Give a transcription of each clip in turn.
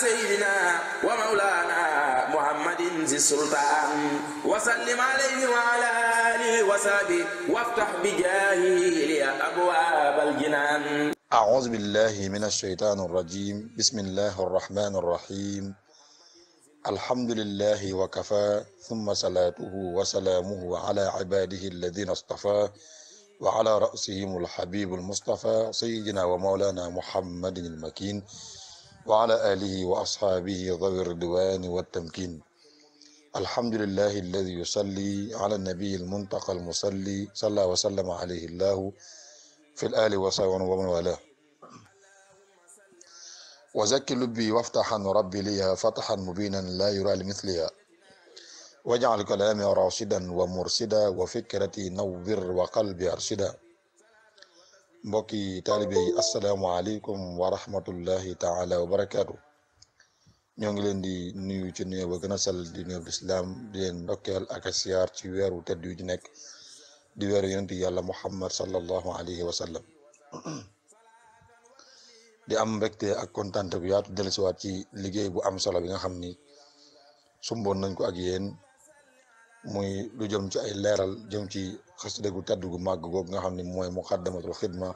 سيدنا ومولانا محمد ذي السلطان وسلم عليه وعلى آله وصحبه وافتح بجاهه لي أبواب الجنان أعوذ بالله من الشيطان الرجيم بسم الله الرحمن الرحيم الحمد لله وكفى ثم صلاته وسلامه على عباده الذين اصطفى وعلى رأسهم الحبيب المصطفى سيدنا ومولانا محمد المكين وعلى آله وأصحابه ذوي الرضوان والتمكين الحمد لله الذي يصلي على النبي المنتقى المصلي صلى وسلم عليه الله في الآل وصحبه ومن والاه وزكي لبي وافتح عن ربي لي فتحا مبينا لا يرى لمثلها واجعل كلامي راشدا ومرشدا وفكرتي نور وقلبي أرشدا mbokki taalibe yi asalaamaaleykum wa rahmatullahi taala wa barakaatu ñoo ngi leen di nuyu ci nuyoo ba gën a sal di nuyu lislaam di leen ndokkeel ci weeru tedd yu ci nekk di weeru yonent yàlla muhammad sallallahu alayhi wa sallam di am ak kontaan bu yaatu dellusiwaat ci liggéey bu am solo bi nga xam ni sumboon nañ ko ak yéen muy lu jëm ci ay leeral jëm ci xasida gu tedd gu màgg googu nga xam ni mooy muqaddamatul xidma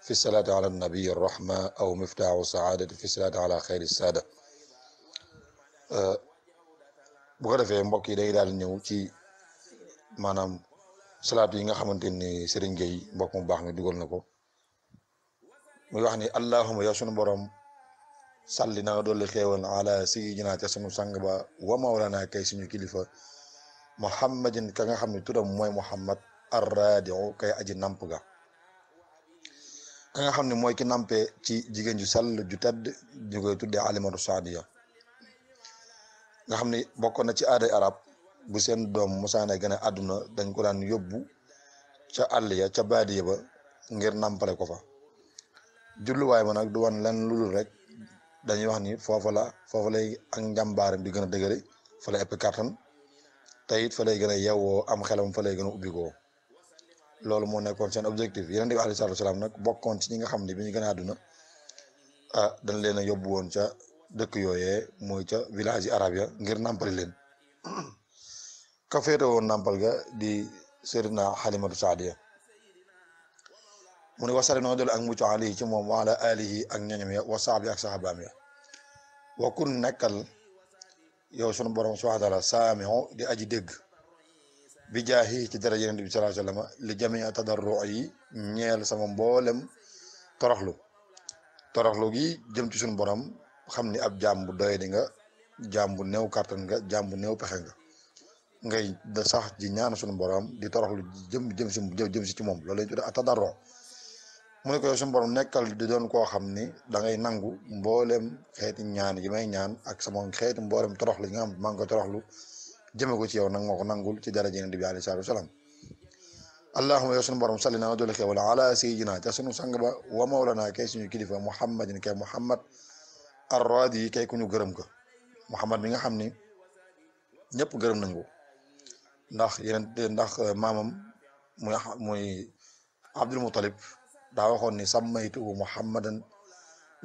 fi salaati ala nabi rahma aw miftaahu saadati fi salaati ala xayri saada bu ko defee mbokk yi day daal ñëw ci maanaam salaatu yi nga xamante ni Serigne Gueye mbokk mu baax mi dugal na ko muy wax ni allahuma yow sunu borom salli na nga dolli xéewal ala sayyidina ca sunu sang ba wa mawlana kay suñu kilifa muhammadin ka nga xam ne turam mooy muhammad arradiu kay aji namp ga ka nga xam ne mooy ki nampe ci jigéen ju sell ju tedd ñu koy tuddee alimatu saadiya nga xam ni bokkoon na ci aaday arab bu seen doom musaane gën a àdduna dañ ko daan yóbbu ca àll ca baadiya ba ngir nampale ko fa julluwaay ma nag du wan lan lu dul rek dañuy wax ni foofa la foofa lay ak njàmbaaram di gën a dëgëre fa lay ëpp kàttan te it fa lay gën a yewwoo am xelam fa lay gën a ubbikoo loolu moo nekkoon seen objectif yonent bi alayhi salaatu wa salaam nag bokkoon ci ñi nga xam ne bi ñu gën a àdduna ah dañ leen a yóbbu woon ca dëkk yooyee mooy ca village yi ya ngir nàmpali leen ka féete woon nàmpal ga di Seydina Xalimatu Saadiya mu ne wasare noo dol ak mucc alihi ci moom wa ala alihi ak ñoñom ya wa saabi ak saxabaam nekkal yow sunu borom subhaanahu wa di aji dégg bi jaahi ci dara yonent bi sallallahu alayhi wa sallam li jamii tadarru yi ñeel sama mbooleem toroxlu toroxlu gi jëm ci suñu borom xam ni ab jaam bu doy di nga jaam bu néew kàttan nga jaam bu néew pexe nga ngay da sax ji ñaan suñu borom di toroxlu jëm jëm si jëm si ci moom loolu lañ tuddee a tadarru mu ne ko suñu borom nekkal di doon koo xam ni da ngay nangu mboolem xeeti ñaan yi may ñaan ak sama xeeti mboolem toroxlu yi nga xam maa ngi ko toroxlu jëme ko ci yow nag moo ko nangul ci daraja Yonent bi alayhi salaatu wa salaam allahuma yow sunu borom salli na nga doole xewal ala sayyidina ca sunu sang ba wa mawlana kay suñu kilifa muhammadin kay muhammad arradi yi kay ku ñu gërëm ko muhammad mi nga xam ni ñëpp gërëm nañ ko ndax yeneen ndax maamam muy muy abdul mutalib daa waxoon ni sammaytu muhammadan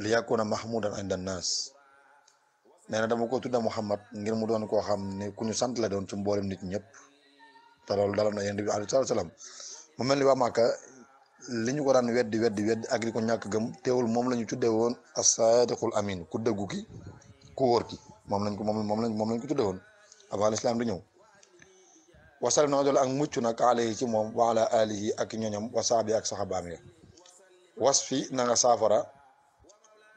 li yakuna mahmudan inda annaas nee na dama ko tudda Muhammad ngir mu doon koo xam ne ku ñu sant la doon ci mboolem nit ñëpp te loolu daloon na yonent bi alayhi salaam mu mel ni waa Màkka li ñu ko daan weddi weddi weddi ak li ñàkk gëm teewul moom la ñu tuddee woon as-Saadiqul Amin ku dëggu ki ku wóor ki moom lañ ko moom moom lañ moom lañ ko tuddee woon avant l'islam di ñëw wasalam na dool ak mucc nag alayhi ci moom wa ala alihi ak ñoñam wa ak saxabaam ya was fi na saafara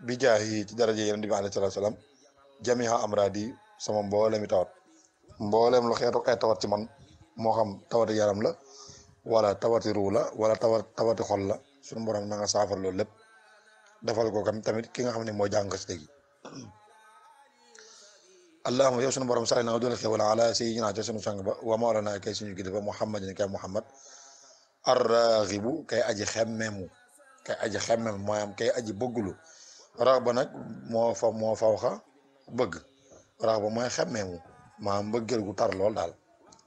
bi jaahi ci daraje yonent bi alayhi salaam jamiha amradi sama mboolemi tawat mboolem lu xeetu ay tawat ci man moo xam tawati yaram la wala tawati ruu la wala tawat tawati xol la suñu borom na nga saafara loolu lépp defal ko kam tamit ki nga xam ne moo jàng xasida gi allahumma yow suñu borom sari na nga doon xewal ala sayyidina ca suñu sang ba wa mawlana kay suñu kilifa muhammadin kay muhammad arraxibu kay aji xemmemu kay aji xemmem am kay aji nag moo fa moo bëgg rax ba mooy xemmeemu maanaam mbëggeel gu tar lool daal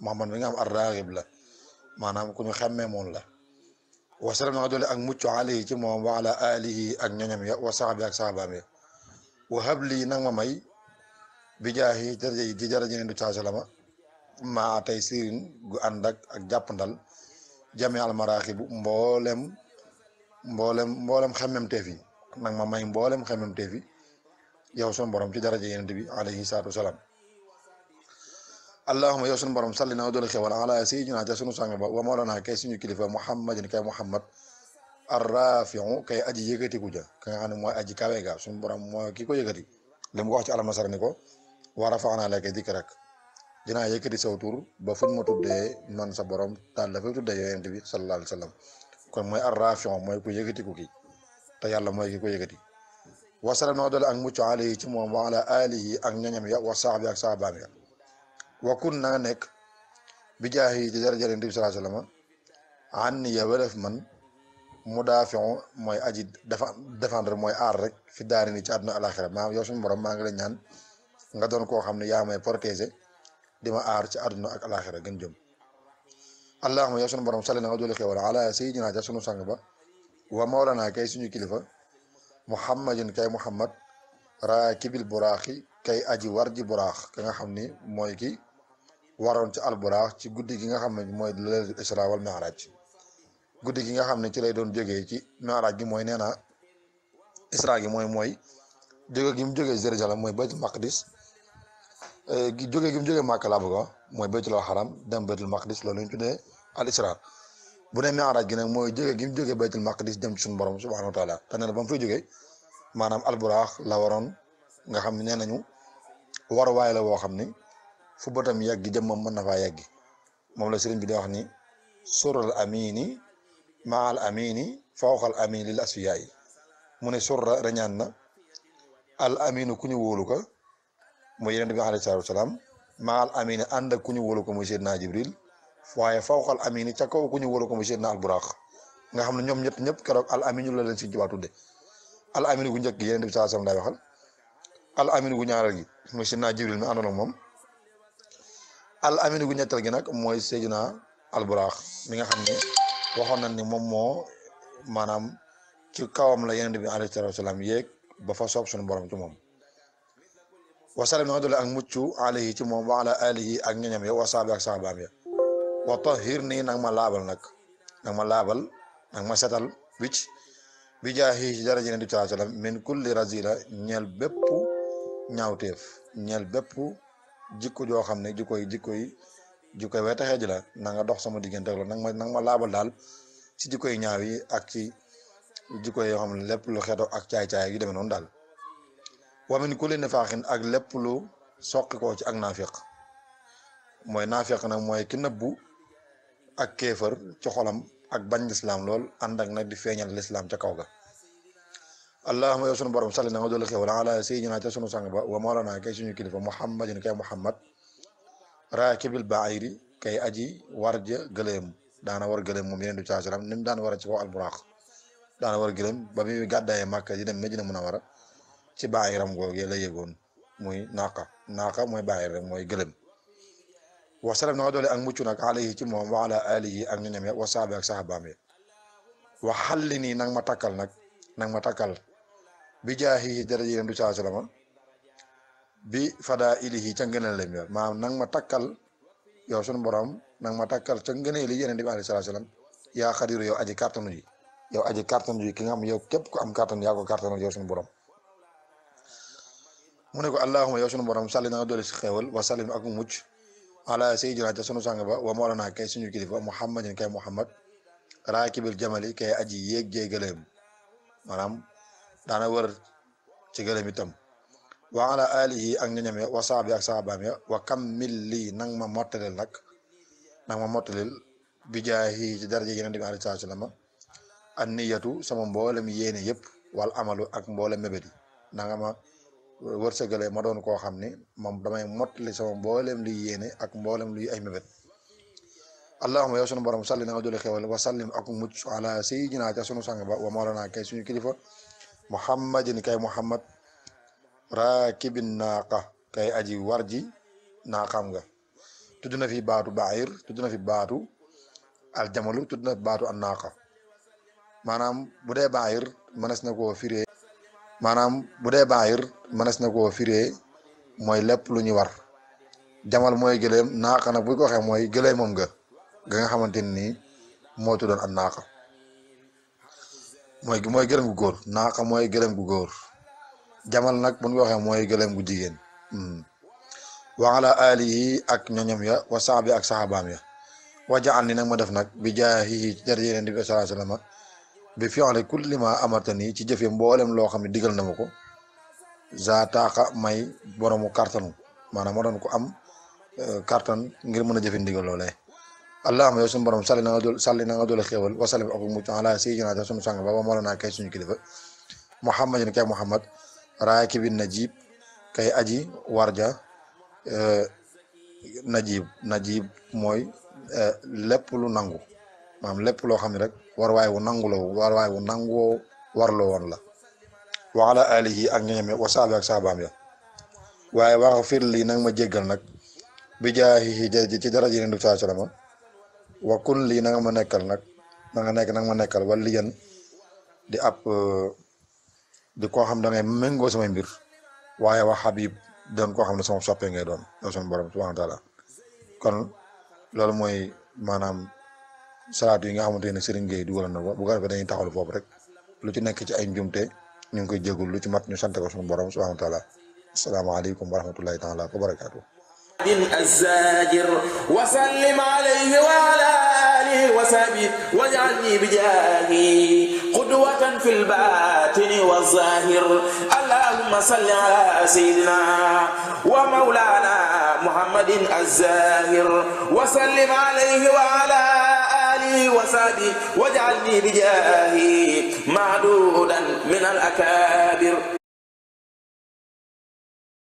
maanaam mi nga am ar raaxib la maanaam ku ñu xemmeemoon la wasalam na nga doole ak mucc yi ci moom wa ala alihi ak ñoñam ya wa saxabi ak saxabaam ya wa hablii nag ma may bi jaahi darajey di jaraje ne du saa salama maa tey sirin gu ànd ak ak jàppandal jami al maraaxibu mboolem mboolem mboolem xemmemteef yi nag ma may mboolem xemmemteef yi yow son borom ci daraja yonent bi alayhi salaatu wasalaam allahuma na doolu xewal ala sayyidina ca sunu sang ba wa mawlana kay suñu kilifa muhammadin kay muhammad arrafiu kay aji yëkkatiku ja ka nga xam ne mooy aji ka ga sunu borom mooy ki ko yëkkati li mu ko wax ci alamasar ni ko wa rafaana laka dikrak dinaa yëkkati saw tur ba fu ma tuddee man sa borom daal a fa tuddee yonent bi sallallahu alayhi wa sallam kon mooy arrafiu mooy ku yëkkatiku ki te yàlla mooy ki ko yëkkati wasala noo dole ak mucc alayhi ci moom wa ala alihi ak ñoñam ya wa sahbi ak sahabaam ya wa kun na nga nekk bi jaahi ci daraja yonent bi sallallahu alayhi wasallam an ya welef man mooy aji rek fi daari ni ci àdduna alaxira maanaam yow suñu borom maa ngi la ñaan nga doon koo xam ne yaa may protéger di ma aar ci àdduna ak alaxira gën jëm allahumma yow suñu borom salli na nga doole xewal a sayyidina ja sunu sang ba wa mawlana kay ñu kilifa muhammadin kay muhammad raakibil buraaxi kay aji war ji buraax ka nga xam ni mooy ki waroon ci al buraax ci guddi gi nga xam ne mooy leylatul isra wal mi'raj guddi gi nga xam ne ci lay doon jógee ci mi'raj gi mooy nee na isra gi mooy mooy jóge gi mu jógee Jérusalem mooy baytul maqdis eh, jóge gi mu jógee Màkka ko mooy baytul xaram dem baytul maqdis loolu ñu tuddee al isra bu ne mi'raaj gi nag mooy jóge gi mu jógee baytul maqdis dem ci suñu borom subhanahu wa taala te nee na ba mu fay jógee maanaam alburaax la waroon nga xam ne nee nañu waruwaay la woo xam ni fu batam yàggi jëmmam mën na faa yàggi moom la sëriñ bi di wax ni sural amini maal amini fawqal amini lil asfiyaa yi mu ne surra reñaan na al aminu ku ñu wóolu ko mooy yonent bi alayhi salaatu wa salaam maal amini ànd ak ku ñu wóolu ko muy Seydina Jibril waaye fawqal amini ca kaw ku ñu wóolu ko mu seydina alburaax nga xam ne ñoom ñett ñëpp keroog al aminu la leen si jubaa tudde al aminu gu njëkk gi yeneen bi sallallahu alayhi wasallam gi mooy seydina jibril mi àndoon ak moom al aminu gu ñetteel gi nag mooy seydina alburaax mi nga xam ne waxoon nañ ni moom moo maanaam ci kawam la yeneen bi alayhi salaatu wasalaam yéeg ba fa soob suñu borom ci moom wasalam na nga doole ak mucc alayhi ci moom wa ala alihi ak ñoñam ya wasaabi ak saabaam ya wa tahhir nii nag ma laabal nag nag ma laabal nag ma setal wicc bi jaahi ci daraja ne di saa sallam min kulli razila ñeel bépp ñaawteef ñeel bépp jikko joo xam ne jikko yi jikko yi jikko yi wetaxee ji la na nga dox sama diggante ak loolu nag ma nag ma laabal daal ci jikko yi ñaaw yi ak ci jikko yoo xam ne lépp lu xeetoo ak caay-caay yu deme noon daal wa min kulli nifaaxin ak lépp lu soqikoo ci ak naafiq mooy naafiq nag mooy ki nëbbu ak kéefër ci xolam ak bañ lislaam lool ànd ak nag di feeñal lislaam ca kaw ga allahuma yow sunu borom salli na nga doolu xéwal ala sayyidina ca sunu sang ba wa mawlana kay suñu kilifa muhammadin kay muhammad raakibil baayri kay aji war ja gëléem daana war gëléem mu yeneen du caa salaam ni mu daan war a ci kaw alburaaq daana war gëléem ba muy gàddaayee màkka di dem Medina Munawara ci baayiram googee la yëgoon muy naaqa naaqa mooy baayir rek mooy gëléem wa sallam na nga doole ak mucc nag alayhi ci moom wa ala alihi ak ñoñam ya wa saabi ak sahabaam ya wa xalli nii nang ma takkal nag nang ma takkal bi jaahi daraje leen du saa salama fadaa ilihi ca ngëneel lam ya maanaam nang ma takkal yow sunu borom nanga ma takkal ca ngëneel li yeneen di bi alayhi salaatu salaam yaa xadiru yow aji kàttanu ji yow aji kàttanu ji ki nga xam képp ku am kàttan yaa ko kàttanu yow borom mu ne ko allahuma yow sunu borom salli na nga doole si xéewal ak mucc ala sayyidina te sunu sang ba wa moolana kay suñu kilifa muhammadin kay muhammad raakibil jamali kay aji yéeg jee gëléem maanaam daana wër ci gëléem itam wa ala alihi ak ñoñam ya wa saabi ak saabaam ya wa kammil lii nang ma mottalil nag nang ma mottalil bijaahi ci daraja yeneen na alayhi salaam an niyatu sama mboolem yéene yëpp wal amalu ak mboolem mébét yi wërsëgale ma doon koo xam ni moom damay mottali sama mboolem luy yéene ak mboolem luy ay mébét allahuma yow sunu borom salli na a jole xewal wa sallim ak mucc ala sayyidina a sunu sang ba wa mawlana kay suñu kilifa muhammadin kay muhammad raakibin naaqa kay aji war ji naaqam nga tudd na fi baatu baayir tudd na fi baatu aljamalu tudd na fi baatu annaaqa maanaam bu dee baayir mënees na koo firee maanaam bu dee baahir mënees na ko firee mooy lépp lu ñu war jamal mooy gëléem naaqa nag bu ko waxee mooy moom ga ga nga xamante ni moo tuddoon ak naaqa mooy mooy gëléem gu góor naaqa mooy gëléem gu góor jamal nag bu ñu ko waxee mooy gëléem gu jigéen hmm. wa ala alihi ak ñoñom ya wa saabi ak saxaabaam ya wa jaal ni nag ma def nag bi jaahihi ci dara yeneen di bi sallallahu alayhi wa bi fi'li kulli ma amartani ci jëfe mboolem loo xam ne digal na ma ko za taaxa may boromu kartanu maanaam ma doon ko am euh, kartan ngir mën a jëfe ndigal loolee allahumma yow suñu borom salli na nga dool salli na nga a xéewal wa sallam ak mucc ala sayyidina ta suñu sang baba moo la naa kay suñu kilifa muhammadin kay muhammad raakibin najib kay aji warja euh, najib najib mooy euh, lépp lu nangu maam lépp loo xam ne rek warwaay wu nangu lo warwaay wu nangoo warloo woon la wa ala alihi ak ñoñam wa saabi ak saabaam ya waaye waxfir lii nag ma jéggal nag bi jaahihi ci daraji ne dub saa salama wa kun lii nanga ma nekkal nag na nga nekk nanga ma nekkal wala liyan di ab di koo xam da ngay méngoo samay mbir waaye wax Habib doon koo xam ne sama soppe ngay doon yow sama borom kon loolu mooy maanaam salaatu yi nga xamante ne Serigne Gueye dugal na ko bu ko defee dañuy taxawal foofu rek lu ci nekk ci ay njumte ñu ngi koy jégul lu ci mat ñu sant ko suñu borom subhanahu wa taala asalaamaaleykum wa rahmatullahi taala wa barakaatu الزاجر وسلم عليه وعلى آله وصحبه واجعلني بجاهي قدوة في الباطن والظاهر اللهم صل على سيدنا ومولانا محمد الزاهر وسلم عليه وعلى آله لي وسادي واجعلني بجاهي معدودا من الأكابر